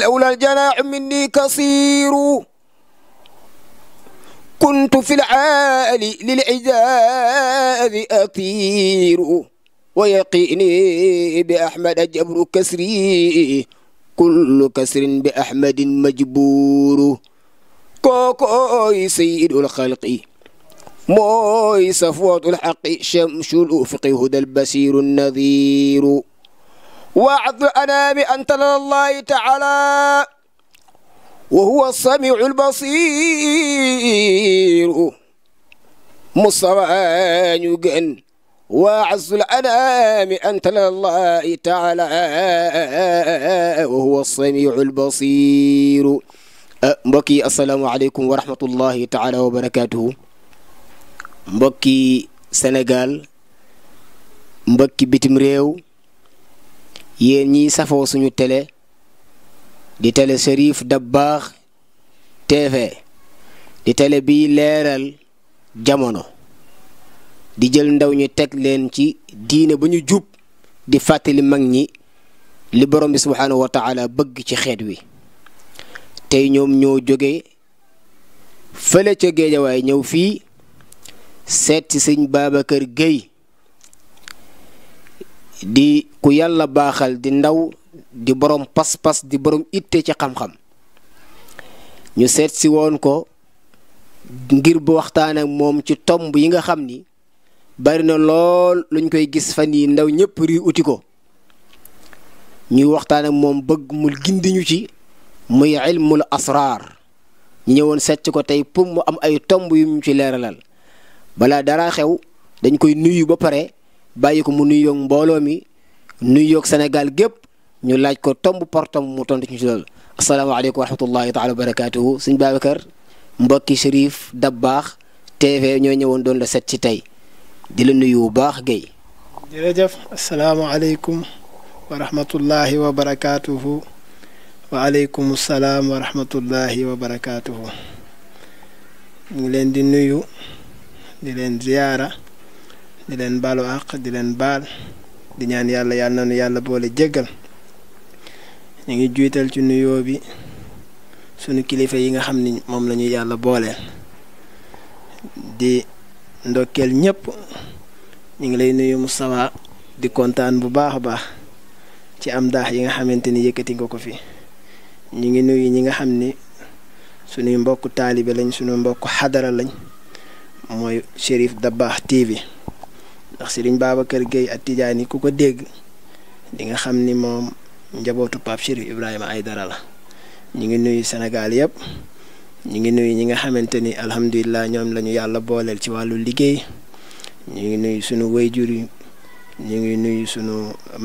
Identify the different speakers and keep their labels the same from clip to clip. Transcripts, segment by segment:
Speaker 1: لولا الجناح مني كثير كنت في العالي للعجاز أطير ويقيني بأحمد جبر كسري كل كسر بأحمد مجبور كوكوي سيد الخلق موي صفوة الحق شمس الأفق هدى البصير النذير وعض أنام أنت الله تعالى وهو السميع البصير مصطفى يقن وعز الأنام أنت الله تعالى وهو السميع البصير mbokki asalaamaaleykum wa rahmatullahi taala wa barakaatuhu mbokki Sénégal mbokki bitim réew yéen ñi safoo suñu télé di télé Cherif Dabakh TV di télé bi leeral jamono di jël ndaw ñi teg leen ci diine ba ñu jub di fàttali mag ñi li borombi bi subhaanahu bëgg ci xeet wi tey ñoom ñoo jóge fële ca géejawaay ñëw fii seet ci sëñ kër Gueye di ku yàlla baaxal di ndaw di borom pas-pas di borom itte ci xam-xam ñu seet si woon ko ngir bu waxtaan ak moom ci tomb yi nga xam ni bari na lool luñ koy gis fan yi ndaw ñëpp rii uti ko ñuy waxtaan ak moom bëgg mu gindi ñu ci muy ilmul ñu ñëwoon seet ko tey pour mu am ay tomb yu ñu ci leeralal balaa dara xew dañ koy nuyu ba pare. bàyyi ko mu nuyoog mbooloo mi nuyoog senegal gépp ñu laaj ko tomb par tomb mu tontu ci loolu asalaamaaleykum wa rahmatullahi taala wa barakaatuhu sëñ Babacar mbokki Chérif ñoo ñëwoon doon set ci tey di la nuyu bu baax Guèye. jërëjëf asalaamaaleykum wa rahmatullahi wa barakaatuhu waaleykum salaam wa rahmatullahi ñu ngi leen di nuyu di leen ziyaara di leen baalu àq di leen baal di ñaan yàlla yàlla na nu yàlla boole jéggal ñu ngi juital ci nuyoo bi sunu kilifa yi nga xam ni moom lañuy ñu yàlla booleel di ndokkeel ñëpp ñu ngi lay nuyu Moustapha di kontaan bu baax a baax ci am daax yi nga xamante ni yëkkati nga ko fi ñu ngi nuyu ñi nga xam ni sunuy mbokk taalibe lañ sunu mbokk xadara lañ mooy Chérif Dabakh TV ndax Serigne Babacar Gueye ak Tidiane ku ko dégg di nga xam ni moom njabootu Pape Chérif ay dara la ñu ngi nuyu senegal yëpp ñu ngi nuyu ñi nga xamante ni alhamdulilah ñoom lañu yàlla booleel ci wàllu liggéey ñu ngi nuyu sunu wayjur yi ñu ngi nuyu sunu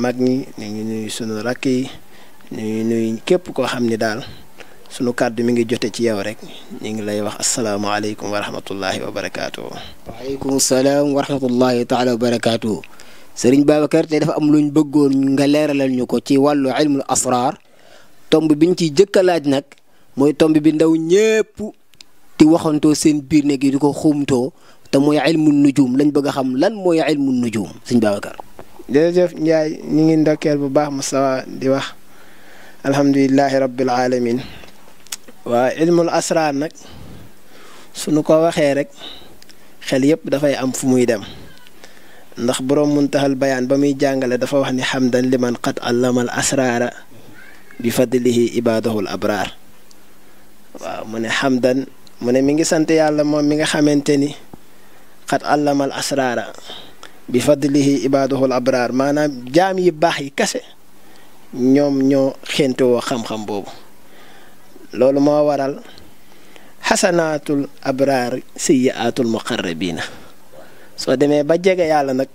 Speaker 1: mag ñi ñu ngi nuyu sunu rakk yi ñu ngi nuyu képp koo xam ni daal. sunu kàddu mi ngi jote ci yaw rek ñu ngi lay wax asalaamaaleykum wa rahmatullahi wa barakaatu. waaleykum salaam wa rahmatullahi taala wa barakaatu. sëriñ Babacar tey dafa am luñ bëggoon nga leeralal ñu ko ci wàllu ilmul asraar tomb biñ ciy jëkk laaj nag mooy tomb bi ndaw ñépp di waxantoo seen biir néeg yi di ko xumtoo te mooy ilmu nujum lañ bëgg a xam lan mooy ilmu nujum sëriñ Babacar. jërëjëf Ndiaye ñu ngi ndokkeel bu baax Moustapha di wax alhamdulilahi waaw ilmul asraar nag su nu ko waxee rek xel yëpp dafay am fu muy dem ndax boroom taxal bayaan ba muy jàngale dafa wax ni xam liman qad allamal asraara bi fadlihi ibaadahul abraar mu ne mi ngi sant yàlla moom mi nga xamante ni qad allamal asraara bi fadlihi ibaadahul abraar maanaam jaam yi baax yi kase ñoom ñoo xéntewoo xam-xam boobu loolu moo waral xasanaatul abraar sayyiaatul muqarrabiina soo demee ba jege yàlla nag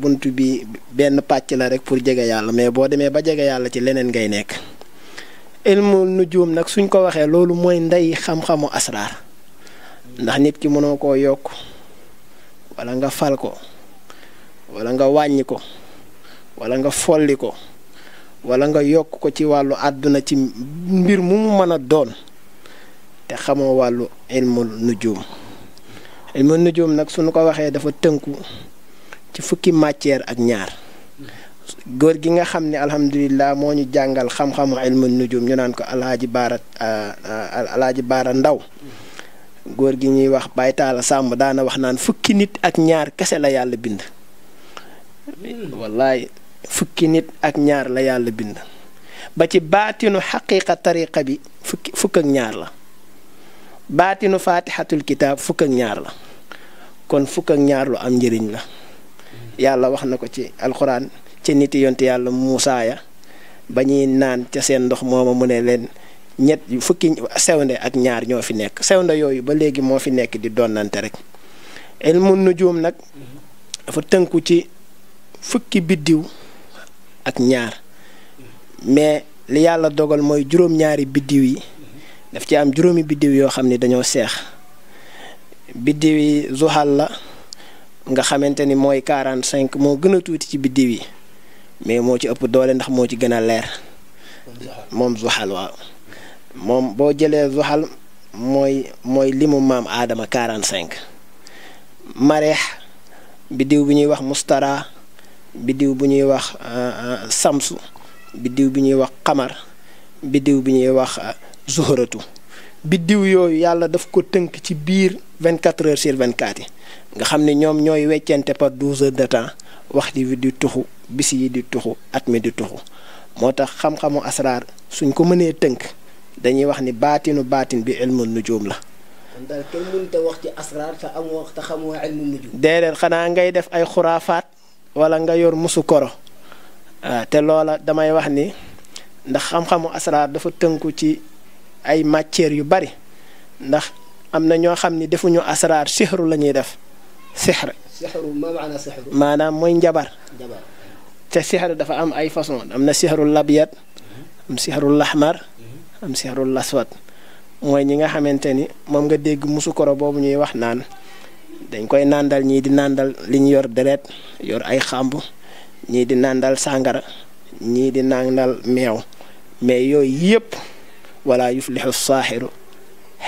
Speaker 1: bunt bi benn pàcc la rek pour jege yàlla mais boo demee ba jege yàlla ci leneen ngay nekk ilmu nujuum nag suñ ko waxee loolu mooy ndey xam-xamu asraar ndax nit ki mënoo koo yokk wala nga fal ko wala nga wàññi ko wala nga folli ko wala nga yokk ko ci wàllu àdduna ci mbir mu mu mën a doon te xamoo wàllu ilmul nujum ilmul nujum nag suñu ko waxee dafa tënku ci fukki matière ak ñaar góor gi nga xam ne alhamdulilah moo ñu jàngal xam-xamu ilmul nujum ñu naan ko alaaji baara euh, euh, baara ndaw góor gi ñuy wax baytaala sàmb daana wax naan fukki nit ak ñaar kese la yàlla bind hmm. wallaay fukki nit ak ñaar la yàlla bind ba ci baatinu xaqiiqa tariqa bi fukki fukk ak ñaar la baatinu faatixatul kitaab fukk ak ñaar la kon fukk ak ñaar lu am njëriñ la yàlla wax na ko ci alxuraan ci niti yonte yàlla Muusaa ba ñuy naan ca seen ndox mooma mu ne leen ñett fukki sewnde ak ñaar ñoo fi nekk sewnde yooyu ba léegi moo fi nekk di donnante rek ilmu nujuum nag dafa tënku ci fukki biddiw ak ñaar mais li yàlla dogal mooy juróom-ñaari biddiw yi daf ci am juróomi biddiw yoo xam ni dañoo seex biddiw yi zuhal la nga xamante ni mooy quarante cinq moo gën a tuuti ci biddiw yi mais moo ci ëpp doole ndax moo ci gën a leer moom zuhal waaw moom boo jëlee zuhal mooy mooy limu maam aadama quarante cinq mareex biddiw bi ñuy wax mustara biddiw bu ñuy wax euh, euh, samsu biddiw bi ñuy wax xamar biddiw bi ñuy wax euh, zuhratu biddiw yooyu yàlla daf ko tënk ci biir vingt quatre heures sur 24 yi nga xam ni ñoom ñooy weccente par 12 heures de temps waxtu wi di tuxu bis yi di tuxu at mi di tuxu moo tax xam-xamu asraar suñ ko mënee tënk dañuy wax ni baatinu baatin bi ilmu nujum la. daal kenn xanaa ngay def ay xuraafaat. wala nga yor musu koro ah, te loola damay wax ni ndax xam-xamu asraar dafa tënku ci ay matières yu bari ndax am na ñoo xam ni defuñu asraar sixru la ñuy def sixr maanaam mooy njabar te sixr dafa am ay façons am na sixrul labyad am sixrul laxmar am sixrul laswat mooy ñi nga xamante ni moom nga dégg musu koro boobu ñuy wax naan dañ koy nàndal ñii di nàndal li ñu yor deret yor ay xàmb ñii di nàndal sàngara ñii di nàndal meew mais yooyu yëpp walla yuflixu saaxiru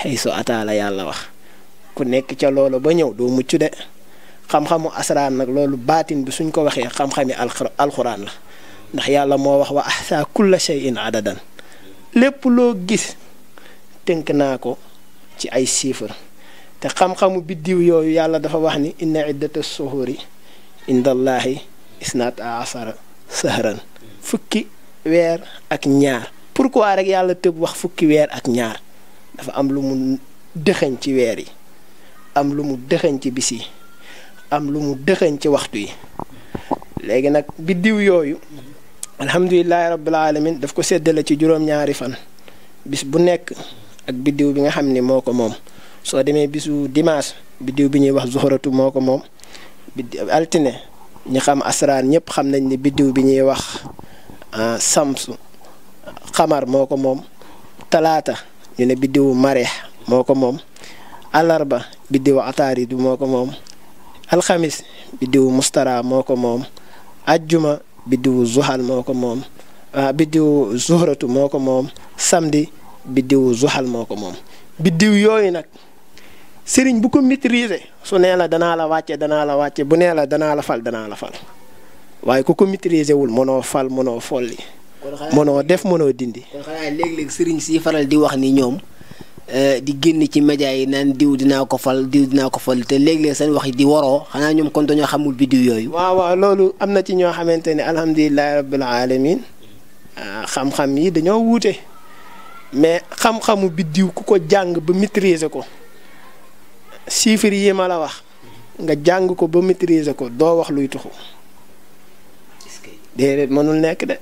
Speaker 1: xaysu ataala yàlla wax ku nekk ca loolu ba ñëw doo mucc de xam-xamu asraar nag loolu baatin bi suñ ko waxee xam-xami alxuraan la ndax yàlla moo wax wa ahsa kulla shay'in adadan lépp loo gis tënk naa ko ci ay chiffres te xam-xamu biddiw yooyu yàlla dafa wax ni inna iddata suhuri indallahi isnaat asara sahran fukki weer ak ñaar pourquoi rek yàlla tëb wax fukki weer ak ñaar dafa am lu mu dëxañ ci weer yi am lu mu dëxañ ci bis yi am lu mu dëxañ ci waxtu yi léegi nag biddiw yooyu alhamdulilahi rabbil alamin daf ko seddale ci juróom-ñaari fan bis bu nekk ak biddiw bi nga xam ni moo ko moom soo demee bisu dimanche biddiw bi ñuy wax zuxuratu moo ko moom altine ñu xam asraan ñëpp xam nañ ne biddiw bi ñuy wax ah, samsu xamar moo ko moom talaata ñu ne biddiwu mareex moo ko moom alarba biddiwu ataaridu moo ko moom alxamis biddiwu mustara moo ko moom ajjuma biddiwu zuhal moo ko moom ah, biddiw yooyu nag sëriñ bu ko maîtriser su nee la danaa la wàcce danaa la wàcce bu nee la danaa la fal danaa la fal waaye ku ko maîtriser wul noo fal mënoo folli mënoo def mënoo dindi. kon xanaa sëriñ si faral di wax ni ñoom eh, di génn ci média yi naan diw dinaa ko fal diw dinaa ko fal te léeg-léeg seen wax di waroo xanaa ñoom kon dañoo xamul biddiw yooyu. waaw waaw loolu am na ci ñoo xamante ne alhamdulilah rabbil alamin ah, xam-xam yi dañoo wuute mais xam-xamu biddiw ku ko jàng ba maîtriser ko. chiffres yi ma la wax nga jàng ko ba maîtriser ko doo wax luy tuxu déedéet mënul nekk de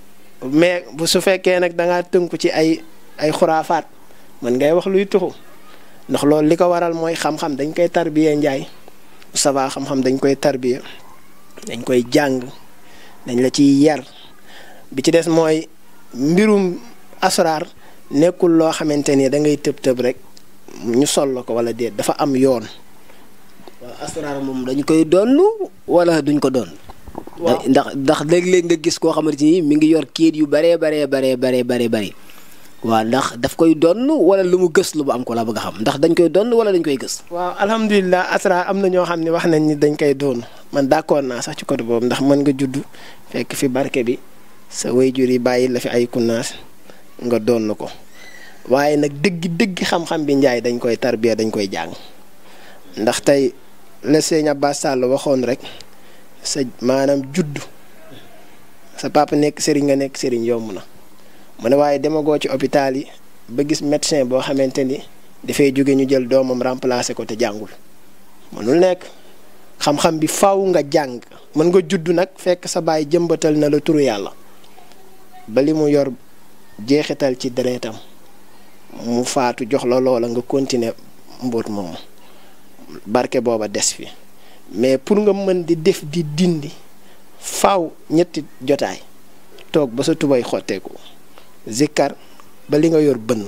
Speaker 1: mais bu su fekkee nag da ngaa tënku ci ay ay xuraafaat mën ngay wax luy tuxu ndax loolu li ko waral mooy xam-xam dañ koy tarbiya njaay ça va xam-xam dañ koy tarbiya dañ koy jàng dañ la ci yar bi ci des mooy mbirum asraar nekkul loo xamante ni da ngay tëb tëb rek ñu sol la ko wala dee dafa am yoon asraar moom dañ koy donn wala duñ ko doon ndax ndax léeg-léeg nga gis koo xamante ni mi ngi yor kiit yu baree baree baree baree baree bëri waaw ndax daf koy donn wala lu mu gës lu bu am ko laa bëgg a xam ndax dañ koy donn wala dañ koy gës waaw alhamdulilah asraar am na ñoo xam ne wax nañ ni dañ koy doon man d'accord naa sax ci côté boobu ndax mën nga judd fekk fi barke bi sa waajur yi bàyyi la fi ay kunnaas nga doon ko waaye nag dëgg dëgg xam-xam bi njaay dañ koy tarbiya dañ koy jàng ndax tey la sëñ Abbas Sall waxoon rek sa maanaam judd sa papa nekk sëriñ nga nekk sëriñ yomb na mu ne waaye demagoo ci hôpital yi ba gis médecin boo xamante ni dafay jóge ñu jël doomam remplacer ko te jàngul mënul nekk xam-xam bi faw nga jàng mën nga judd nag fekk sa baay jëmbatal na la turu yàlla ba li mu yor jeexital ci deretam mu faatu jox la loola nga continuer mbóot moomu barke booba des fi mais pour nga mën di def di dindi faw ñetti jotaay toog ba sa tubay xotteeku zikkar ba li nga yor bënn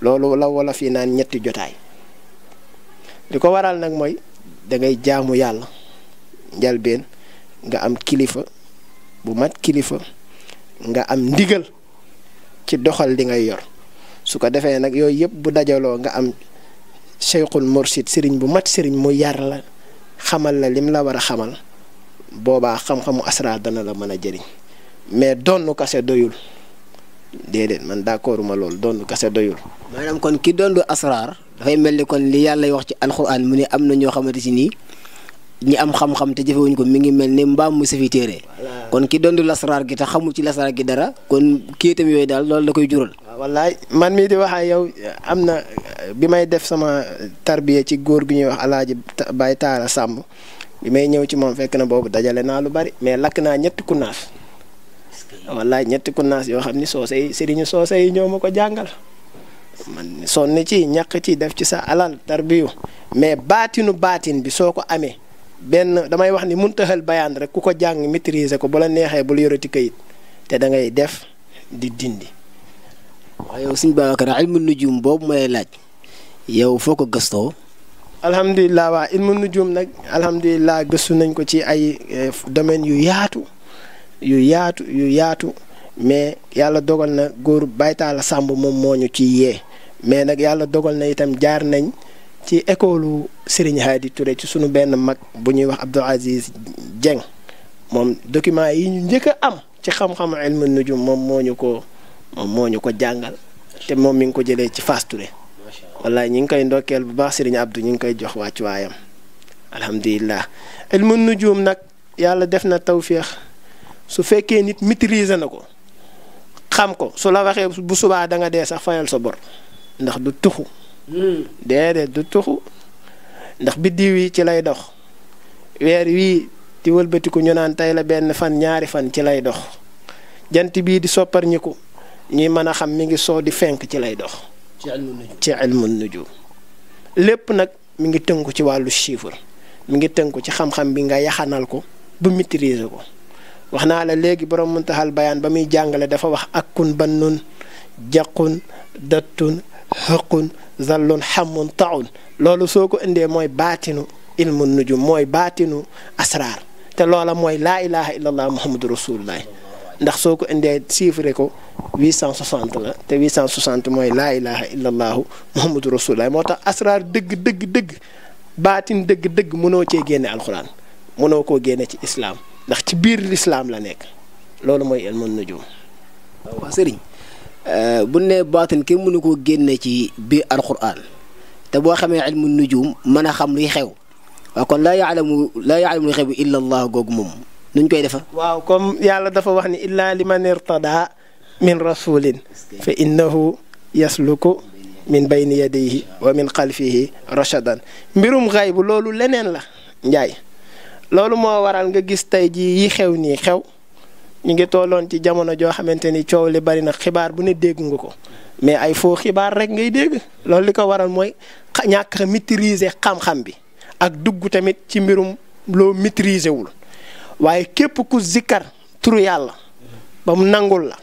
Speaker 1: loolu la wala fii naan ñetti jotaay li ko waral nag mooy dangay ngay jaamu yàlla njalbeen nga am kilifa bu mat kilifa nga am ndigal ci doxal li ngay yor su ko defee nag yooyu yëpp bu dajaloo nga am cheikhul mursid sëriñ bu mat sëriñ mu yar la xamal la lim la war a xamal boobaa xam-xamu asraar dana la mën a jëriñ mais donn kase doyul déedéet man d'accorduma loolu donn kase doyul. maanaam kon ki dondu asraar dafay mel ni kon li yàlla wax ci alxuraan mu ne am na ñoo xamante si nii. ñi am xam-xam te jëfewuñ ko mi ngi mel ni mbaam mu safi téere kon ki dond lasraar gi te xamul ci lasraar gi dara kon kéetam yooyu daal loolu da koy jural wallaay man mii di wax ak yow am na bi may def sama tarbiya ci góor gu ñuy wax alaaji Baye Taala Sàmb bi may ñëw ci moom fekk na boobu dajale naa lu bari mais lakk naa ñetti kunnaas wallaay ñetti kunnaas yoo xam ni soose yi sëriñu soose yi ñoo ma ko jàngal man sonn ci ñàkk ci def ci sa alal mais baatinu baatin bi soo ko amee benn damay wax ni muntaxal bayaan rek ku ko jàng maîtriser ko bala neexee neexee bul yorati kayit te da ngay def di dindi. waaw yow suñu Babacar ilmu juum boobu may laaj yow foo ko gëstoo. alhamdulilah waa ilmu nujum nag alhamdulilah gëstu nañ ko ci ay eh, domaines yu yaatu yu yaatu yu yaatu mais yàlla dogal na góor baytaala sàmb moom moo ñu ci yee mais nag yàlla dogal na itam jaar nañ. ci école Serigne Hadi Touré ci sunu benn mag bu ñuy wax Abdou Aziz Dieng moom document yi ñu njëkk am ci xam-xam ilmu nujum moom moo ñu ko moom moo ñu ko jàngal te moom mi ngi ko jëlee ci fas Touré wallaay ñi ngi koy ndokkeel bu baax Serigne Abdou ñu ngi koy jox wàccu waayam alhamdulilah ilmu nujum nag yàlla def na tawféex su fekkee nit maîtriser na ko xam ko su la waxee bu subaa da nga dee sax fayal sa bor ndax du tuxu. déedéet du tuxu ndax biddi yi ci lay dox weer wii di wëlbatiku ñu naan tey la benn fan ñaari fan ci lay dox jant bii di sopparñiku ñuy mën a xam mi ngi soow di fenk ci lay dox ci ilmu nujum lépp nag mi ngi tënku ci wàllu chiffre mi ngi tënku ci xam-xam bi nga yaxanal ko bu maîtriser ko wax naa la léegi borom muntaxal bayaan ba muy jàngale dafa wax akkun bannun jaqun dattun xëqun zallun xamun taun loolu soo ko indee mooy baatinu ilmu nujum mooy baatinu asraar te loola mooy laa ilaha illallah muhammadu rasulullah ndax soo ko indee chiffre ko 860 la te 860 mooy laa ilaha illallah muhammadu rasulullah moo tax asraar dëgg dëgg baatin dëgg dëgg mënoo cee génne alxuraan mënoo koo génne ci islaam ndax ci biir lislaam la nekk loolu mooy ilmu nujum waaw sëriñ Euh, bu ne baatin kenn mënu koo génne ci biir alquran te boo xamee ilmu nujum mën a xam luy xew kon la yaalamu laa yaalamu luy xew illa allah googu moom nuñ koy defa waaw comme yàlla dafa wax ni illaa liman irtada min rasulin fa innahu yasluku min bayni yadayhi wa min xalfihi rachadan mbirum xay bu loolu leneen la njaay loolu moo waral nga ji yi xew nii xew ñu ngi tolloon ci jamono joo xamante ni coow li bari na xibaar bu ne dégg nga ko mais ay faux xibaar rek ngay dégg loolu li ko waral mooy ñàkk a maîtriser xam-xam bi ak dugg tamit ci mbirum loo maîtriser wul waaye képp ku zikkar turu yàlla ba mu nangul la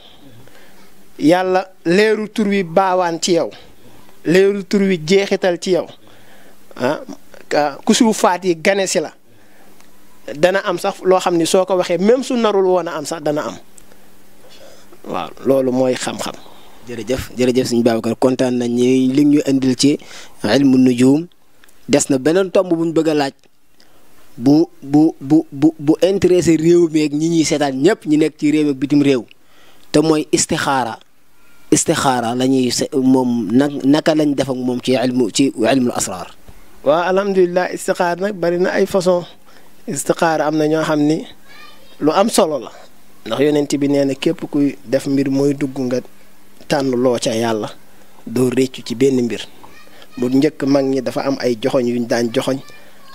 Speaker 1: yàlla leeru tur wi baawaan ci yow leeru tur wi jeexital ci yow ah ku suufaat yi gane si la dana am sax loo xam ni soo ko waxee même su narul woon a am sax dana am waaw loolu mooy xam-xam. jërëjëf jërëjëf sëñ Babacar kontaan nañ ñi li ñu indil ci ilmu nujum des na beneen tomb bu bëgg laaj bu bu bu bu bu intéressé réew mi ak ñi ñuy seetaan ñëpp ñi nekk ci réew ak bitim réew te mooy istixaara istixaara la ñuy moom nag naka lañ defam moom ci ilmu ci ilmul asraar. waaw alhamdulilah istixaar nag bari na ay façon istixaara am na ñoo xam ni lu am solo la ndax yonent bi nee na képp kuy def mbir mooy dugg nga tànn loo ca yàlla doo réccu ci benn mbir bu njëkk mag ñi dafa am ay joxoñ yuñ daan joxoñ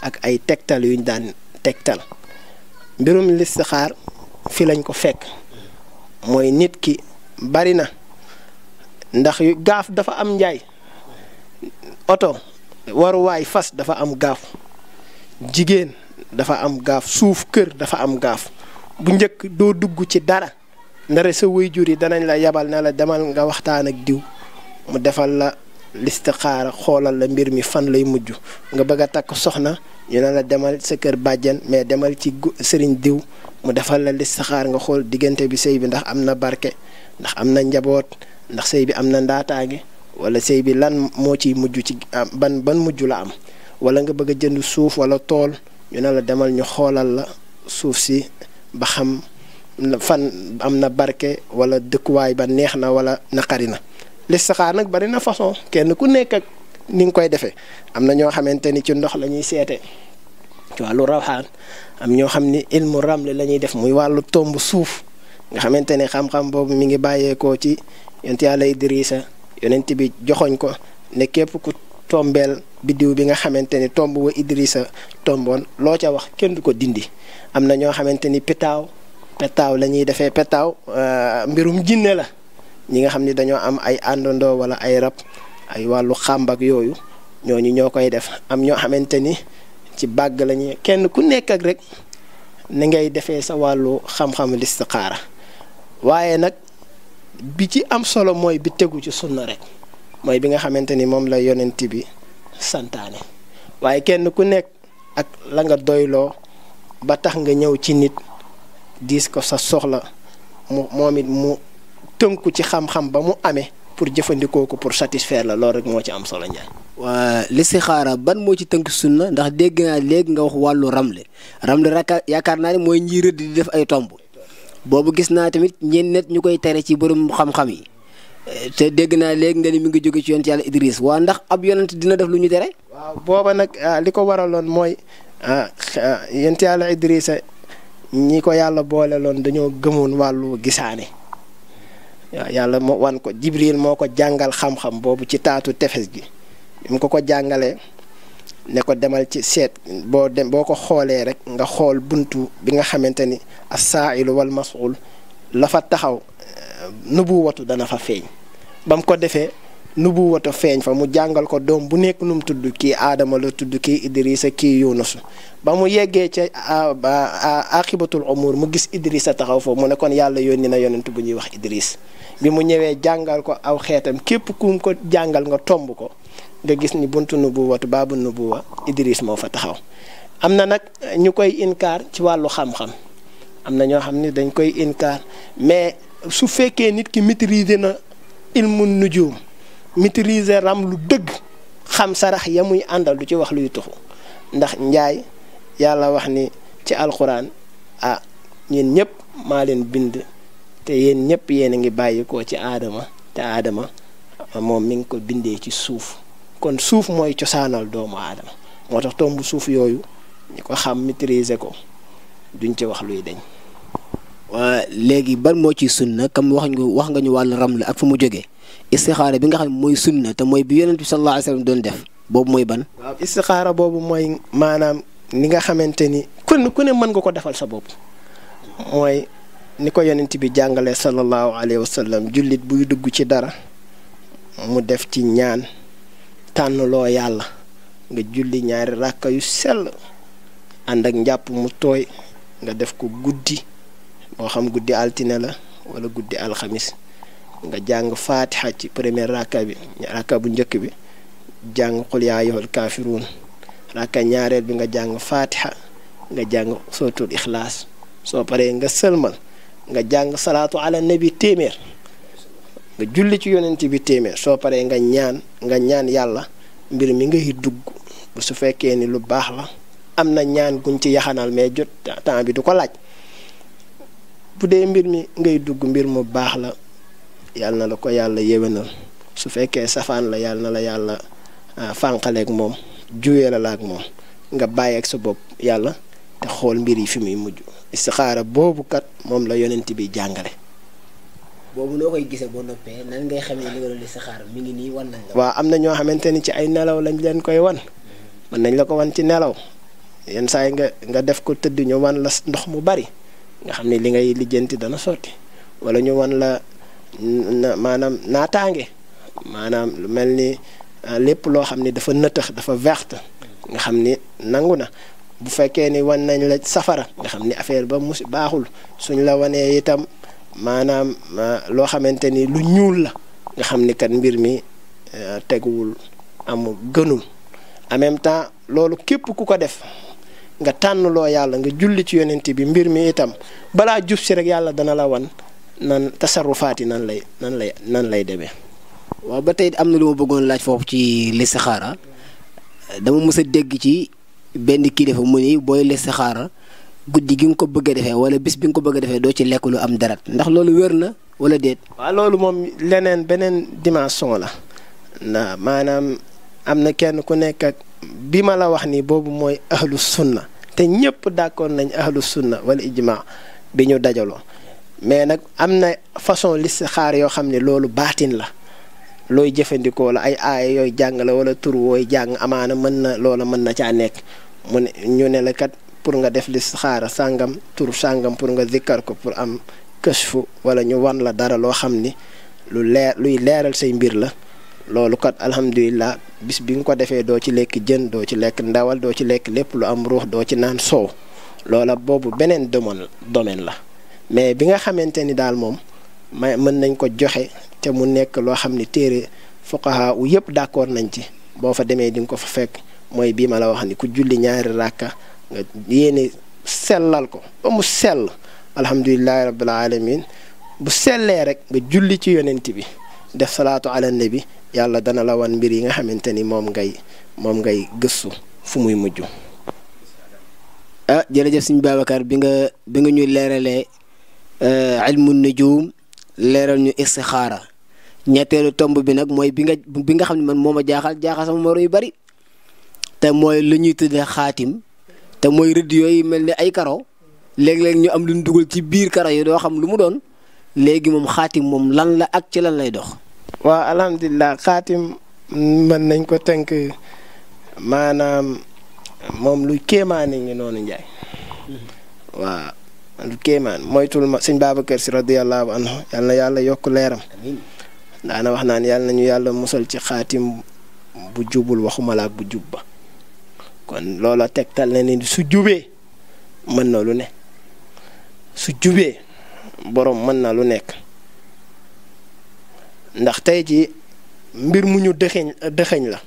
Speaker 1: ak ay tegtal yuñ daan tegtal mbirum listixaar fi lañ ko fekk mooy nit ki bari na ndax gaaf dafa am njaay oto waruwaay fas dafa am gaaf jigéen dafa am gaaf suuf kër dafa am gaaf bu njëkk doo dugg ci dara ndare sa waajur yi danañ la yebal na la demal nga waxtaan ak diw mu defal la listixaara xoolal la mbir mi fan lay mujj nga bëgg a takk soxna ñu ne la demal sa kër bàjjan mais demal ci sëriñ diw mu defal la listixaar nga xool diggante bi sëy bi ndax am na barke ndax am na njaboot ndax sëy bi am na ndaataange wala sëy bi lan moo ciy mujj ci ah, ban ban mujj la am wala nga bëgg a jënd suuf wala tool ñu ne la demal ñu xoolal la suuf si ba xam fan am na barke wala dëkkuwaay ba neex na wala naqari na listixaar nag bari na façon kenn ku nekk ak ni nga koy defee am na ñoo xamante ni ci ndox lañuy seete ci wàllu rawxaan am ñoo xam ni ilmu ramli la ñuy def muy wàllu tomb suuf nga xamante ne xam-xam boobu mu ngi bàyyeekoo ci yonent yàlla Idrissa yonent bi joxoñ ko ne képp ku tombeel biddiw bi nga xamante ni tomb wa Idrissa tomboon loo ca wax kenn du ko dindi am na ñoo xamante ni petaaw petaaw la ñuy defee petaaw euh, mbirum jinne la ñi nga xam ni dañoo am ay àndandoo wala ay rab ay wàllu xàmbak ak yooyu ñooñu ñoo koy def am ñoo xamante ni ci bàgg la kenn ku nekk ak rek ni ngay defee sa wàllu xam-xam listixaara waaye nag bi ci am solo mooy bi tegu ci sunna rek mooy bi nga xamante ni moom la yonent bi santaane waaye kenn ku nekk ak la nga doyloo ba tax nga ñëw ci nit diis ko sa soxla mu moom it mu tënku ci xam-xam ba mu amee pour jëfandikoo ko pour satisfaire la loolu rek moo ci am solo Ndiaye. waa li si listixaara ban moo ci tënk sunna ndax dégg naa léegi nga wax wàllu ramle ramle raka yaakaar naa ne mooy ñiy rëdd di def ay tomb boobu gis naa tamit ñenn nit ñu koy tere ci borom xam-xam yi. te dégg naa léegi nga ni mu ngi jóge ci yonent yàlla Idris waa ndax ab yonent dina def lu ñu tere. waaw booba nag ah, li ko waraloon mooy ah, ah, yonent yàlla Idrisa ñi ko yàlla boole loon dañoo gëmoon wàllu gisaane yàlla moo wan ko Jibril moo ko jàngal xam-xam boobu ci taatu tefes gi mu ko ko jàngalee ne ko demal ci seet boo dem boo ko xoolee rek nga xool buntu bi nga xamante ni as-saailu wal mas'uul la fa taxaw eh, nubuwatu dana fa feeñ. ba mu ko defee nubu woto feeñ fa mu jàngal ko doom bu nekk nu mu tudd kii aadama la tudd kii idrisa kii yunus ba mu yeggee ca aqibatul umur mu gis idrisa taxaw foofu mu nekkoon yàlla yàlla yónni na yonent bu ñuy wax idris bi mu ñëwee jàngal ko aw xeetam képp kum ko jàngal nga tomb ko nga gis ni buntu nubu wotu baabu nubu wa idris moo fa taxaw am na nag ñu koy inkaar ci wàllu xam-xam am na ñoo xam ne dañ koy inkaar mais su fekkee nit ki maîtriser na ilmu nujum maîtriser ram lu dëgg xam sarax ya muy àndal du ci wax luy tuxu ndax njaay yàlla wax ni ci alxuraan ah yéen ñëpp maa leen bind te yéen ñëpp yéen a ngi bàyyi ko ci aadama te aadama moom mi ngi ko bindee ci suuf kon suuf mooy cosaanal doomu aadama moo tax tomb suuf yooyu ñu ko xam maîtriser ko duñ ci wax luy deñ Euh, léegi ban moo ci sunna comme wax nga wax nga ñu wàll ram la ak fu mu jógee istixaara bi nga xam ne mooy sunna te mooy bi yonent bi sallallahu alayhi wasallam doon def boobu mooy ban. waaw istixaara boobu mooy maanaam ni nga xamante ni ku ne ne mën nga ko defal sa bopp mooy ni ko yonent bi jàngalee sallallahu alayhi wasallam jullit buy dugg ci dara mu def ci ñaan tànn loo yàlla nga julli ñaari ràkka yu sell ànd ak njàpp mu tooy nga def ko guddi. moo xam guddi altine la wala guddi alxamis nga jàng faatiha ci première raka bi raka bu njëkk bi jàng xul yaa ayyuhal kaafiruun raka ñaareel bi nga jàng faatiha nga jàng sootul ixlaas soo paree nga sëlmal nga jàng salaatu ala bi téeméer nga julli ci yonent bi téeméer soo paree nga ñaan nga ñaan yàlla mbir mi ngay dugg bu su fekkee ni lu baax la am na ñaan guñ ci yaxanal mais jot temps bi du ko laaj bu dee mbir mi ngay dugg mbir mu baax la yàlla na la ko yàlla yéwénal su fekkee safaan la yàlla na la yàlla fànqaleeg moom juwee la laak moom nga bàyyi ak sa bopp yàlla te xool mbir yi fi muy mujj istixaara boobu kat moom la yonent bi jàngale. boobu noo koy boo noppee nan mi ngi nii wan nañ waaw am na ñoo xamante ni ci ay nelaw lañ leen koy wan mën nañ la ko wan ci nelaw yenn saa yi nga nga def ko tëdd ñu wan la ndox mu bari. nga xam ne li ngay lijjanti dana sotti wala ñu wan la maanaam naataange maanaam lu mel ni ah, lépp loo xam ne dafa nëtëx dafa verte nga xam ni nangu na bu fekkee ni wan nañ la safara nga xam ni affaire ba mu mus baaxul suñ la wanee itam maanaam loo xamante ni lu ñuul la nga xam ni kat mbir mi eh, teguwul amul gënul en même temps loolu képp ku ko def nga tànn loo yàlla nga julli ci yonent bi mbir mi itam balaa jub si rek yàlla dana la wan nan tasarufaat yi nan lay nan lay nan lay demee. waaw ba tey am na lu ma bëggoon laaj foofu ci listixaara dama mës a dégg ci benn kilifa mu ni booy listixaara guddi gi nga ko bëgg a defee wala bis bi nga ko bëgg defee doo ci lekk lu am dara ndax loolu wér na wala déet. waaw loolu moom leneen beneen dimension la maanaam am na kenn ku nekk bi ma la wax ni boobu mooy ahlu sunna te ñëpp d'accord nañ ahlu sunna wala ijma bi ñu dajaloo mais nag am na façon listixaar yoo xam ne loolu baatin la looy jëfandikoo la ay aaya yooyu jàng la wala tur wooy jàng amaana mën na loola mën na caa nekk mu ne ñu ne la kat pour nga def listixaara sàngam tur sàngam pour nga zikkar ko pour am kësfu wala ñu wan la dara loo xam ni lu leer luy leeral say mbir la loolu kat alhamdulilah bis bi nga ko defee doo ci lekk jën doo ci lekk ndawal doo ci lekk lépp lu am ruux doo ci naan soow loola boobu beneen domaine domaine la mais bi nga xamante ni daal moom may mën nañ ko joxe te mu nekk loo xam ni téere fuqaha u yëpp d'accord nañ ci boo fa demee di nga ko fa fekk mooy bii ma la wax ni ku julli ñaari ràkka nga yéene sellal ko ba mu sell alhamdulilahi rabbil alamin bu sellee rek nga julli ci yonent bi def salaatu ala nabi yàlla dana la wan mbir yi nga xamante ni moom ngay moom ngay gëstu fu muy mujj. ah jërëjëf suñu Babacar bi nga bi nga ñu leeralee eh, ilmu nujum leeral ñu istixaara ñetteelu tomb bi nag mooy bi nga nga xam ne man moom a jaaxal jaaxal sama moro yu bari te mooy lu ñuy tuddee xaatim te mooy rëdd yooyu mel ni ay karo léeg-léeg ñu am lu ñu dugal ci biir karo yi doo xam lu mu doon léegi moom xaatim moom lan la ak ci lan lay dox. waaw alhamdulilah xaatim mën nañ ko tënk maanaam moom lu kéemaane ngi noonu njaay mm-hmm. waaw lu kéemaan moytul ma sëñ kër si radiyallahu anhu yal na yàlla yokk leeram daana wax naan yàlla nañu yàlla musal ci xaatim bu jubul waxumalaak bu jub ba kon loola tegtal na ni su jubee mën na lu ne su jubee borom mën na lu nekk ndax tey jii mbir mu ñu dëxëñ la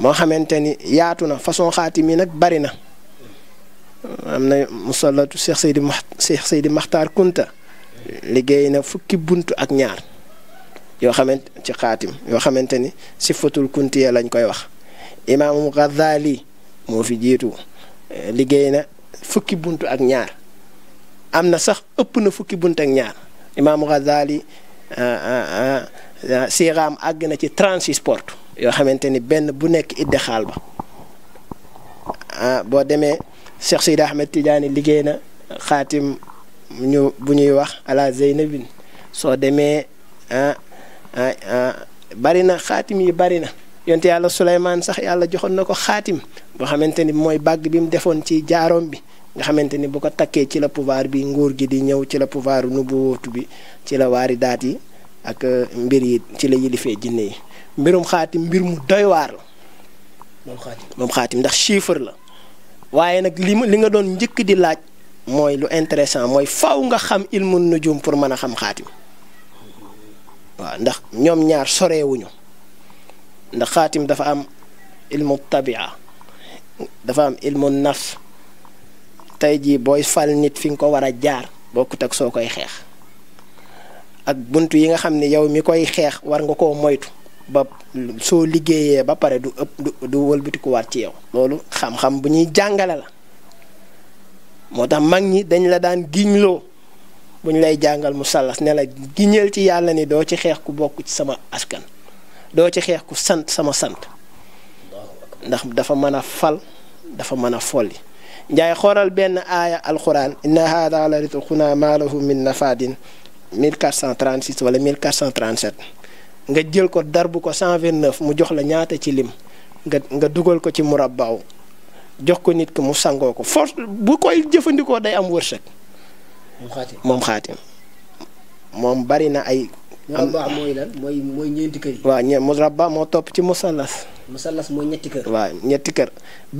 Speaker 1: moo xamante ni yaatu na façon xaatim yi nag bari na am na musallatu Cheikh Seydi Max Seydi Maxtaar Kunta liggéey na fukki bunt ak ñaar yoo xamante ci xaatim yoo xamante ni sifatul kuntiya lañ koy wax imaamu Ghazali moo fi jiitu eh, liggéey na fukki bunt ak ñaar am na sax ëpp na fukki bunt ak ñaar imaamu Ghazali Euh, euh, euh, siixaam àgg na ci trente-six yoo xamante ni benn bu nekk iddexaal ba ah, boo demee Cheikh Sidi Ahmed Tidiane liggéey na xaatim ñu bu ñuy wax ala zeynabin soo demee ah, ah, bari na xaatim yi bari na yonte yàlla Souleymane sax yàlla joxoon na ko xaatim boo xamante ni mooy bàgg bi mu defoon ci jaaroom bi nga xamante ni bu ko takkee ci la pouvoir bi nguur gi di ñëw ci la pouvoir nubu wóotu bi ci la waari daat yi ak uh, mbir yi ci la yilifee jinne yi mbirum xaatim mbir mu doy waar la moom xaatim ndax chiffre la waaye nag li ma li nga doon njëkk di laaj mooy lu intéressant mooy faw nga xam ilmu nujum pour mën a xam xaatim waaw ndax ñoom ñaar sorewuñu ndax xaatim dafa am ilmu tabia dafa am ilmu naf tey jii booy fal nit fi nga ko war a jaar bokkut ak soo koy xeex ak bunt yi nga xam ni yow mi koy xeex war nga koo moytu ba soo liggéeyee ba pare du ëpp du du wëlbatikuwaat ci yow. loolu xam-xam bu ñuy jàngale la moo tax mag ñi dañ la daan giñloo bu ñu lay jàngal mu sàllas ne la giñal ci yàlla ni doo ci xeex ku bokk ci sama askan doo ci xeex ku sant sama sant ndax dafa mën a fal dafa mën a folli njaay xoolal benn aaya alxuraan inna haada la rizquna ma lahu min nafadin 1436 wala 1437 nga jël ko dar bu ko 129 mu jox la ñaata ci lim nga nga dugal ko ci murabbaaw jox ko nit ki mu sangoo ko force bu koy jëfandikoo day am wërsëg moom xaatim moom bari na ay murabba mooy lan mooy mooy ñeenti kër yi. waaw ñe murabba moo topp ci musallas. musallas mooy ñetti kër. waaw ñetti kër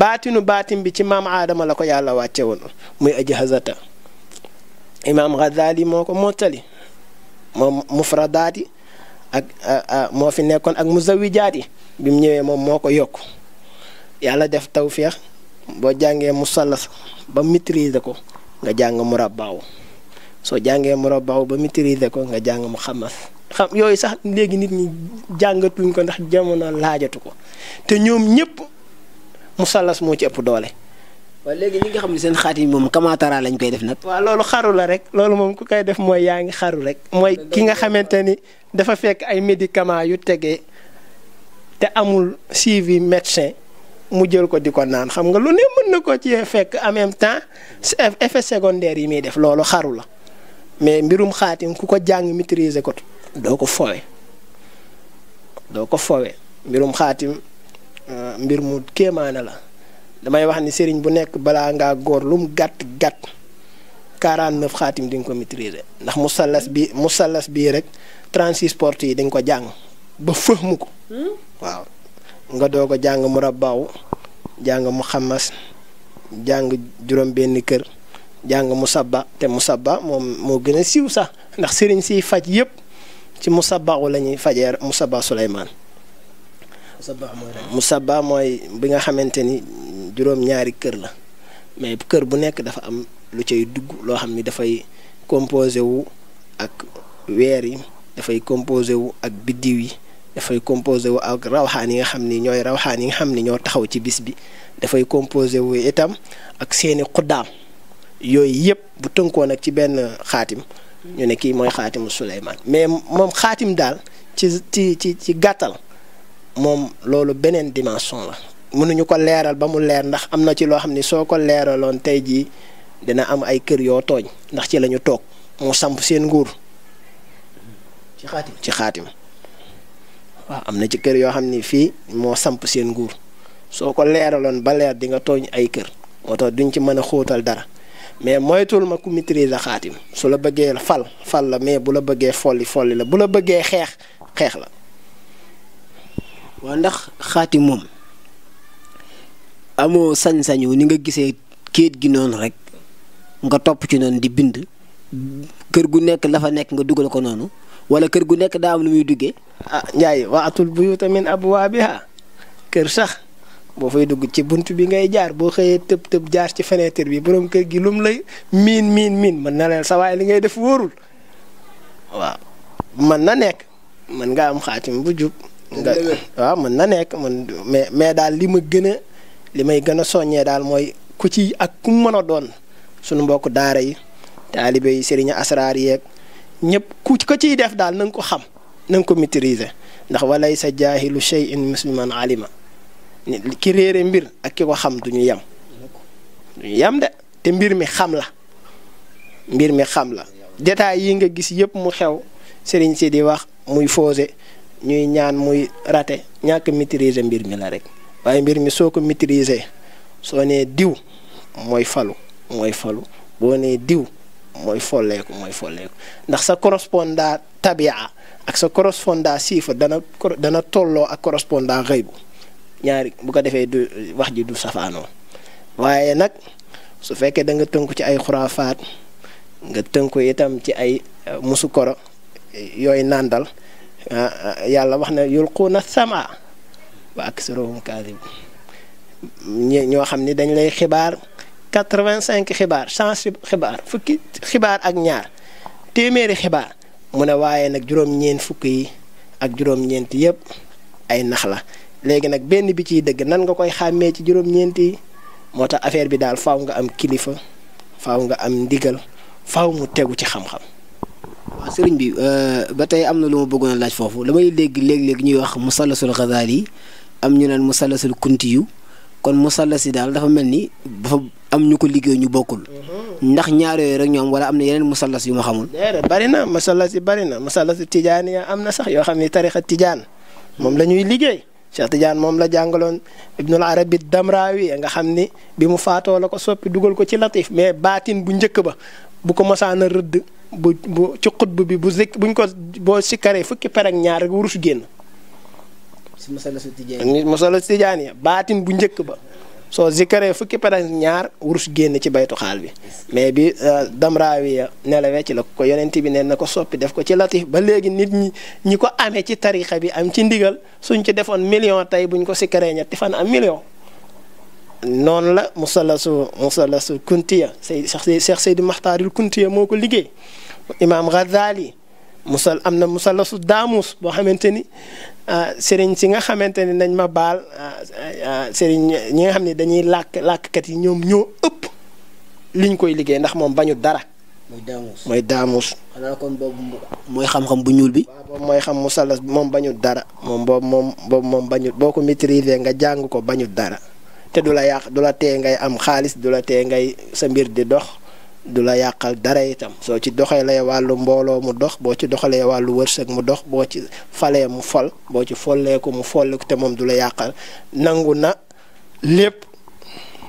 Speaker 1: baatinu baatin bi ci maam aadama la ko yàlla wàcce woon muy aji hazata imaam Ghazali moo ko mottali moom mufradaat yi ak moo fi nekkoon ak muzawijaat yi bi mu ñëwee moom moo ko yokk yàlla def tawféex boo jàngee musallas ba maîtriser ko nga jàng murabbaaw soo jàngee murabbaaw ba maîtriser ko nga jàng mu xamas xam yooyu sax léegi nit ñi jàngatuñ ko ndax jamono laajatu ko te ñoom ñëpp musallas moo ci ëpp doole. waaw léegi ñi nga xam ne seen xaat yi moom kamaatara lañ koy def nag. waa loolu xaru la rek loolu moom ku koy def mooy yaa ngi xaru rek. mooy ki nga xamante ni dafa fekk ay médicaments yu tegee te amul suivi médecin mu jël ko di ko naan xam nga lu ne ko ci fekk en même temps effet secondaire yi muy def loolu xaru la mais mbirum xaatim ku ko jàng maîtriser ko. doo ko fowe doo ko fowe mbirum xaatim euh, mbir mu kéemaane la damay wax ni sëriñ bu nekk balaa ngaa góor lum gàtt gàtt 49 xaatim di nga ko maîtriser ndax musallas bi musallas bii rek 36 portes yi di ko jàng ba fëxmu ko hmm? waaw nga doo ko jàng mu rabaw jàng mu xamas jàng juróom benn kër jàng mu sabba te mu moom moo gën a siiw sax ndax sëriñ siy faj yëpp ci musabaxu la ñuy fajee musabax Souleymane. musabax mooy musabax mooy bi nga xamante ni juróom-ñaari kër la mais kër bu nekk dafa am lu cay dugg loo xam ni dafay composé wu ak weer yi dafay composé wu ak biddiw yi. dafay composé wu ak rawxaan yi nga xam ni ñooy rawxaan yi nga xam ni ñoo taxaw ci bis bi dafay composé wu itam ak seeni xuddaam yooyu yëpp bu tënkoon ak ci benn xaatim ñu ne kii mooy xaatimu Suleymaan mais moom xaatim daal ci ci ci ci gàttal moom loolu beneen dimension la mënuñu ko leeral ba mu leer ndax am na ci loo xam ni soo ko leeraloon tey jii dina am ay kër yoo tooñ ndax ci lañu toog mu samp seen nguur ci xaatim ci am na ci kër yoo xam ni fii moo samp seen nguur soo ko leeraloon ba leer di nga tooñ ay kër moo tax duñ ci mën a xóotal dara mais moytul ma ku maîtriser xaatim su la bëggee fal fal la mais bu la bëggee folli folli la bu la bëggee xeex xeex la. waa ndax xaatim moom amoo sañ-sañu ni nga gisee kéet gi noonu rek nga topp ci noonu di bind kër gu nekk la fa nekk nga dugal ko noonu wala kër gu nekk daa am lu muy duggee. ah Ndiaye waatul buyuta min abwaabiha kër sax. boo fay dugg ci bunt bi ngay jaar boo xëyee tëb tëb jaar ci fenêtre bi borom kër gi lu mu lay miin miin miin mën na leen sa waay li ngay def wóorul waaw mën na nekk mën nga am xaatim bu jub. nga waaw mën na nekk man mais mais daal li ma gën a li may gën a soññee daal mooy ku ci ak kum mën a doon sunu mbokk daara yi taalibe yi sëriñ asraar yeeg ñëpp ku ko ciy def daal na ko xam na ko maîtriser ndax walay sa jaahilu shay'in musliman alima ki réere mbir ak ki ko xam duñu yem duñu yem de te mbir mi xam la mbir mi xam la détails yi nga gis yëpp mu xew sëriñ si di wax muy fausé ñuy ñaan muy raté ñàkk maîtriser mbir mi la rek waaye mbir mi soo ko maîtriser soo nee diw mooy falu mooy falu boo nee diw mooy foleeku mooy folleeku ndax sa correspondant tabia ak sa correspondant siifa dana tolloo ak correspondant xëybu ñaari bu ko defee du wax ji du safaanoo waaye nag su fekkee danga tënku ci ay xuraafaat nga tënku itam ci ay eh, musukoro yooyu nàndal ah, ah, yàlla wax na yulquuna sama wa aksaruhum kaadib ñoo xam ni dañ lay xibaar quatre-vingt-cinq xibaar cent xibaar fukki xibaar ak ñaar téeméeri xibaar mu ne waaye nag juróom-ñeent fukk yi ak juróom-ñeent yëpp ay nax la léegi nag benn bi ci dëgg nan nga koy xàmmee ci juróom-ñeent moo tax affaire bi daal faw nga am kilifa faw nga am ndigal faw mu tegu ci xam-xam. waaw sëriñ bi euh, ba tey am na lu ma bëggoon laaj foofu la may dégg léeg-léeg ñuy wax musalasul xazaal yi am ñu naan musalasul kunti yu kon musalas yi daal dafa mel ni dafa am ñu ko liggéey ñu bokkul. Mhm. ndax ñaar yooyu rek ñoom wala am na yeneen musalas yu ma xamul. déedéet bari na musalas yi bari na musalasu tijaan ya am na sax yoo xam ne tarixa tijaan moom la ñuy liggéey. Cheikh Tidiane moom la jàngaloon Ibnul Arabi Damraawi nga xam ni bi mu faatoo la ko soppi dugal ko ci latif mais baatin bu njëkk ba bu ko mosaan a rëdd bu bu ci xutb bi bu zik buñ ko boo sikkaree fukki per ak ñaar rek génn. si masala si Tidiane baatin bu njëkk ba. soo zikkaree fukki per ak ñaar wurus génn ci baytu xaal bi mais bi euh, damraawiya nelawee ci la ko yonent bi neen na ko soppi def ko ci lati ba léegi nit ñi ñi ko amee ci tarixa bi am ci ndigal suñ ci defoon million tey buñ ko sikkaree ñetti fan am million noonu la musalasu musalasu kuntiya say Cheikh Seydi Maxtaaril kuntiya moo ko liggéey imaam Ghazali musal am na musalasu daamus boo xamante ni Euh, sëriñ si nga xamante ne nañ ma baal euh, euh, sëriñ ñi nga xam ni dañuy làkk làkkkat yi ñoom ñoo ëpp liñ koy liggéey ndax moom bañu dara. mooy daamus mooy daamus. xanaa kon mooy xam-xam bu ñuul bi. boobu mooy xam musalas moom bañu dara moom boobu moom boobu moom bañu boo ko maîtriser nga jàng ko bañu dara te du la yàq du la tee ngay am xaalis du la tee ngay sa mbir di dox. du la yàqal dara itam soo ci doxee doxalee wàllu mbooloo mu dox boo ci doxalee wàllu wërsëg mu dox boo ci falee mu fol boo ci foleeku mu folleeku te moom du la yàqal nangu na lépp.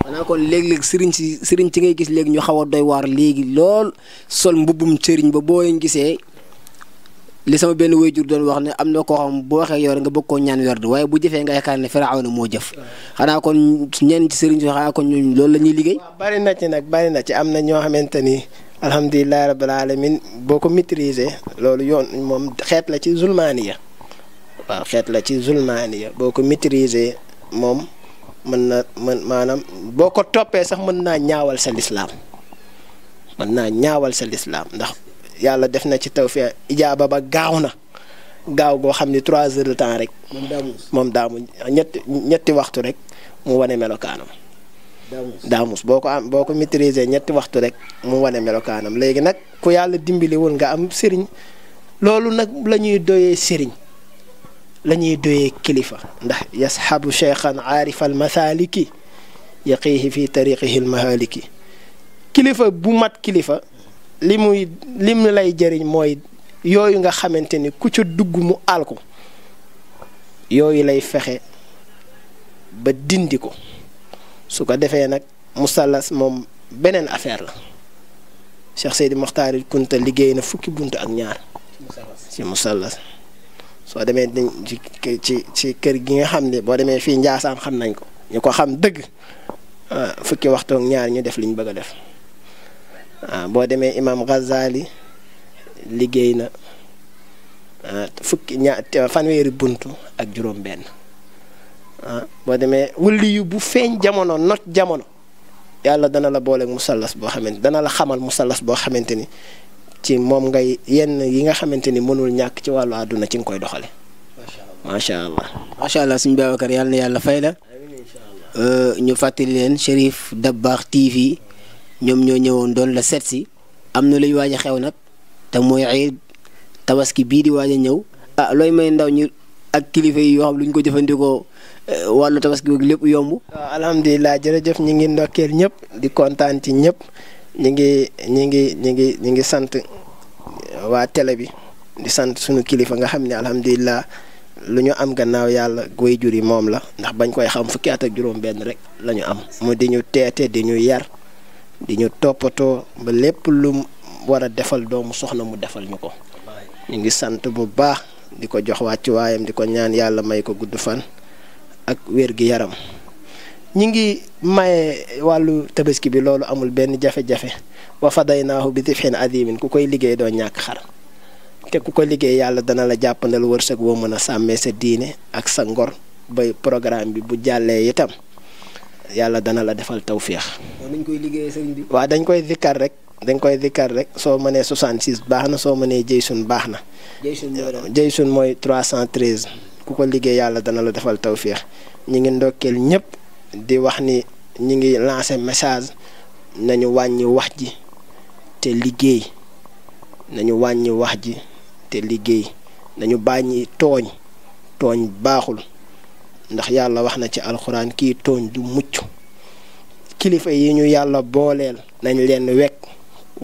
Speaker 1: maanaam ko léeg-léeg sëriñ si sëriñ si ngay gis léegi ñu xaw a doy waar léegi lool sol mbubbum sëriñ ba booy gisee. li sama benn wayjur doon wax ne am na ko xam boo waxee yow nga bëgg koo ñaan werd waaye bu jëfee nga yaakaar ne Firawna moo jëf xanaa kon ñenn ci sëriñ si xanaa ah kon ñooñu loolu la ñuy liggéey. bari na ci nag bari na ci am na ñoo xamante ni alhamdulilah rabbil alamin boo ko maîtriser loolu yoon moom xeet la ci zulmaaniya waaw xeet la ci zulmaaniya boo ko maîtriser moom mën na mën maanaam boo ko toppee sax mën naa ñaawal sa lislaam mën naa ñaawal sa lislaam ndax. yàlla def na ci tawfeex ijaaba ba gaaw na gaaw goo xam ni trois heures de temps rek. moom daamus moom daamu ñetti ñetti waxtu rek mu wane melokaanam. daamus daamus boo ko am boo ko maîtriser ñetti waxtu rek mu wane melokaanam léegi nag ku yàlla dimbali woon nga am sëriñ loolu nag lañuy doyee sëriñ la ñuy doyee kilifa. ndax yashabu cheikhan aarifa al masaliki yaqiihi fi tariqihi al mahaliki kilifa bu mat kilifa. li muy lim lay jariñ mooy yooyu nga xamante ni ku ca dugg mu alku yooyu lay fexe ba dindi ko su ko defee nag musallas moom beneen affaire la Cheikh di Mokhtar Kunta liggéey na fukki bunt ak ñaar ci musallas soo demee dañ ci ci kër gi nga xam ne boo demee fii Njaasaan xam nañ ko ñu ko xam dëgg ah, fukki waxtu ñaar ñu def li ñu bëgg a def Ah, boo demee imaam Ghazali liggéey na ah, fukki ña fanweeri buntu ak juróom-benn ah, boo demee wulli bu feeñ jamono not jamono yàlla dana la booleeg musallas boo xamante dana la xamal musallas boo xamante ni ci moom ngay yenn yi nga xamante ni mënul ñàkk ci wàllu àdduna ci nga koy doxale macha allah macha allah suñu Babacar yàlla na yàlla fay la euh, ñu fàttali leen Cherif Dabakh TV. ñoom ñoo ñëwoon doon la seet si am na luy waaj xew nag te mooy ay tabaski bii di waaj ñëw ah looy may ndaw ñi ak kilifa yi yoo xam lu ñu ko jëfandikoo eh, wàllu tabaski boog lépp yomb. waaw alhamdulilah jërëjëf ñu ngi ndokkeel ñëpp di kontaan ci ñëpp ñu ngi ñu ngi ñu ngi ñu ngi sant waa tele bi di sant sunu kilifa nga xam ne alhamdulilah. lu ñu am gannaaw yàlla waajur yi moom la ndax bañ koy xam fukki at juróom benn rek lañu ñu am mu di ñu teete di ñu yar di ñu toppatoo ba lépp lu war a defal doomu soxna mu defal ñu ko ñu ngi sant bu baax di ko jox wàcc waayam di ko ñaan yàlla may ko gudd fan ak wér gi yaram ñu ngi maye wàllu tabaski bi loolu amul benn jafe-jafe wa fadaynaahu bi difhin adimin ku koy liggéey doo ñàkk xar te ku ko liggéey yàlla dana la jàppandal wërsëg woo mën a sàmmee sa diine ak sa ngor ba programme bi bu jàllee itam yàlla dana la defal tawféex. waaw dañ koy liggéeyee waaw dañ koy zikkar rek. dañ koy zikkar rek soo mënee 66 baax na soo mënee Jeysun baax na. Jeysun mooy lan Jeysun mooy ku ko liggéey yàlla dana la defal tawféex ñu ngi ndokkeel ñëpp di wax ni ñu ngi lancé message nañu wàññi wax ji te liggéey nañu wàññi wax ji te liggéey nañu bàññi tooñ tooñ baaxul. ndax yàlla wax na ci alxuraan kii tooñ du mucc kilifa yi ñu yàlla booleel nañ leen wekk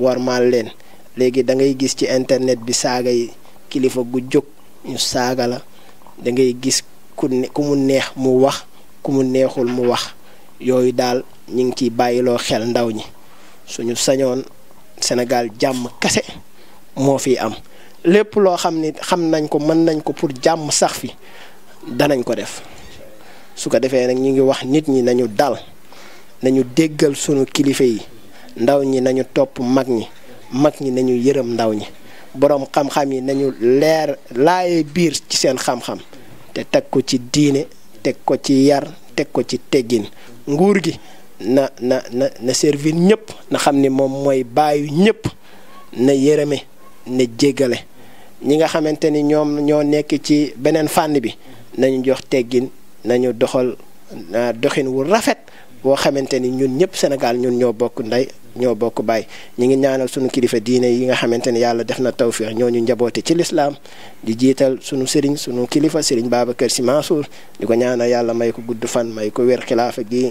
Speaker 1: warmaal leen léegi da ngay gis ci internet bi saaga yi kilifa gu jóg ñu saaga la da ngay gis ku ne mu neex mu wax ku mu neexul mu wax yooyu daal ñu ngi ciy bàyyiloo xel ndaw ñi suñu sañoon senegal jàmm kese moo fi am lépp loo xam ni xam nañ ko mën nañ ko pour jàmm sax fi danañ ko def su ko defee nag ñu ngi wax nit ñi nañu dal nañu déggal sunu kilifa yi ndaw ñi nañu topp mag ñi mag ñi nañu yërëm ndaw ñi boroom xam-xam yi nañu leer laaye biir ci seen xam-xam te teg ko ci diine teg ko ci yar teg ko ci teggin nguur gi na na na na servir ñëpp na xam ni moom mooy bàyyi ñëpp na yërëme na jéggale ñi nga xamante ni ñoom ñoo nekk ci beneen fànn bi nañu jox teggin nañu doxal doxin wu rafet boo xamante ni ñun ñëpp Sénégal ñun ñoo bokk ndey ñoo bokk baay ñi ngi ñaanal sunu kilifa diine yi nga xamante ni yàlla def na tawfiix ñooñu njaboote ci lislaam di jiital sunu sëriñ sunu kilifa sëriñ Babacar Sy Mansour di ko ñaanal yàlla may ko gudd fan may ko wér xilaafa gi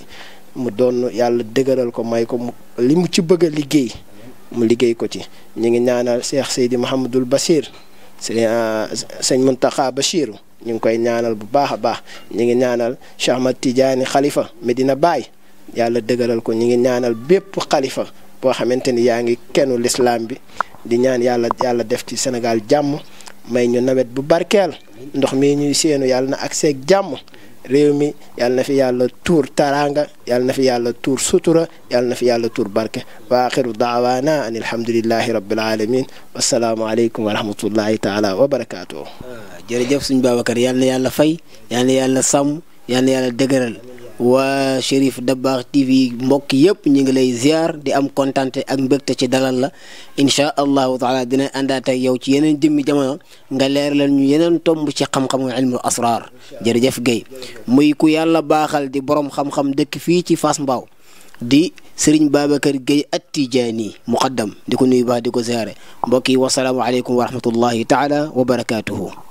Speaker 1: mu doon yàlla dëgëral ko may ko mu li mu ci bëgg liggéey mu liggéey ko ci ñu ngi ñaanal Cheikh Seydi Mouhamadul Bachir sëñ ah, Muntaxa Bachiru ñu ngi koy ñaanal bu baax a baax ñu ngi ñaanal Cheikh Ahmad Tidiane xalifa Medina Baye yàlla dëgëral ko ñu ngi ñaanal bépp xalifa boo xamante ni yaa ngi kennu lislaam bi di ñaan yàlla yàlla def ci Sénégal jàmm may ñu nawet bu barkeel ndox mi ñuy séenu yàlla na ak seeg jàmm réew mi yàlla na fi yàlla tuur taraanga yàlla na fi yàlla tuur sutura yàlla na fi yàlla tuur barke wa axiru daawaana an alhamdulilahi rabbil alamin wasalaamualeykum wa rahmatullahi taala wa barakaatu. Ah, jërëjëf suñu Babacar yàlla na yàlla fay yàlla na yàlla sàmm yàlla na yàlla dëgëral. waa Chérif Dabakh TV mbokk yëpp ñu ngi lay ziar di am kontante ak mbégte ci dalal la incha allahu taala dina àndaat ak yow ci yeneen jëmmi jamono nga leer leen ñu yeneen tomb ci xam-xamu ilmul asrar jërëjëf Guèye muy ku yàlla baaxal di borom xam-xam dëkk fii ci Fass Mbao di Serigne Babacar Guèye At-Tidiani muqaddam di ko nuyu baax di ko ziare mbokk yi wasalaamualeykum wa rahmatullahi taala wa barakaatuhu.